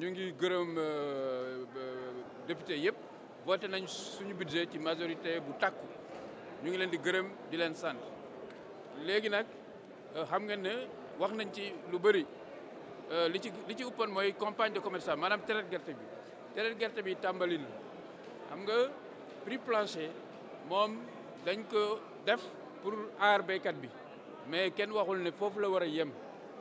ñu ngi gërëm euh, euh, député yëpp voté nañ suñu budget ci majorité bu tàkku ñu ngi leen di gërëm di leen sant léegi nag euh, xam nga ne wax nañ ci lu bëri li ci li ci ëppoon mooy campagne de commerçant maanaam traite gerte bi traite gerte bi tàmbali na xam nga prix plancher moom dañ ko def pour aar béykat bi mais kenn waxul ne foofu la war a yem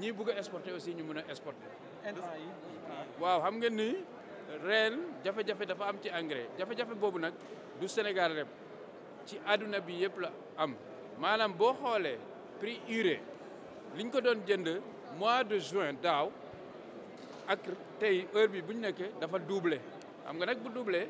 ñii bëgg a aussi ñu mën a exporter. waaw xam ngeen ni reel jafe-jafe dafa am ci engrais jafe-jafe boobu nag du Sénégal rek ci àdduna bi yëpp la am maanaam boo xoolee prix urée liñ ko doon jënd mois de juin daaw ak tey heure bi bu ñu nekkee dafa doublé xam nga nag bu doublé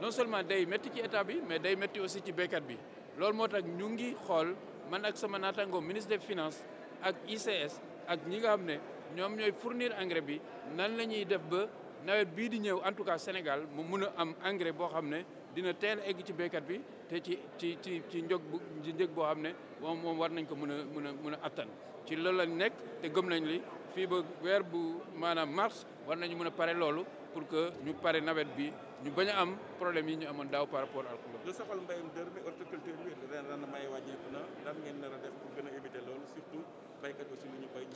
non seulement day métti ci état bi mais day métti aussi ci béykat bi loolu moo tax ñu ngi xool man ak sama naataango ministre des finance ak ICS ak ñi nga xam ne ñoom ñooy fournir engrais bi nan la ñuy def ba nawet bii di ñëw en tout cas Sénégal mu mun a am engrais boo xam ne dina teel egg ci baykat bi te ci ci ci ci njëg bu ci njëg boo xam ne moom moom war nañ ko mun a mun a mun a attan ci loolu la nekk te gëm nañ li fii ba weer bu maanaam mars war nañu mun a pare loolu pour que ñu pare nawet bi ñu bañ a am problème yi ñu amoon daaw par rapport à alcool. le soxal mbayum dër mi horticulture bi ren rendement yi wàññeeku na ndax ngeen nar a def pour gën a éviter loolu surtout baykat aussi lu ñu bay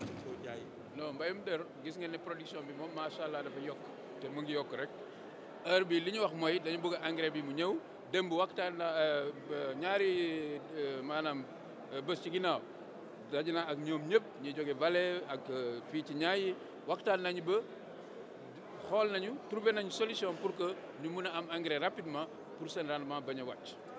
non mbayum der gis ngeen ne production bi moom macha dafa yokk te mu ngi yokk rek heure bi li ñu wax mooy dañu bëgg engrais bi mu ñëw démb waxtaan na euh, euh, ñaari euh, maanaam bés ci ginnaaw daj naa ak ñoom ñëpp ñi jóge valee ak fii ci ñaayi waxtaan nañu ba xool nañu trouvé nañu solution pour que ñu mun a am engrais rapidement pour seen rendement bañ a wàcc